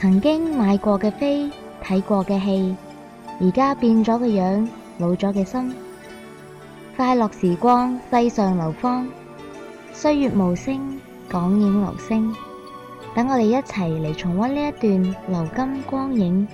曾經買過嘅飛，睇過嘅戲，而家變咗嘅樣，老咗嘅心。快樂時光，世上留芳，歲月無聲，港影留聲。等我哋一齊嚟重溫呢一段流金光影。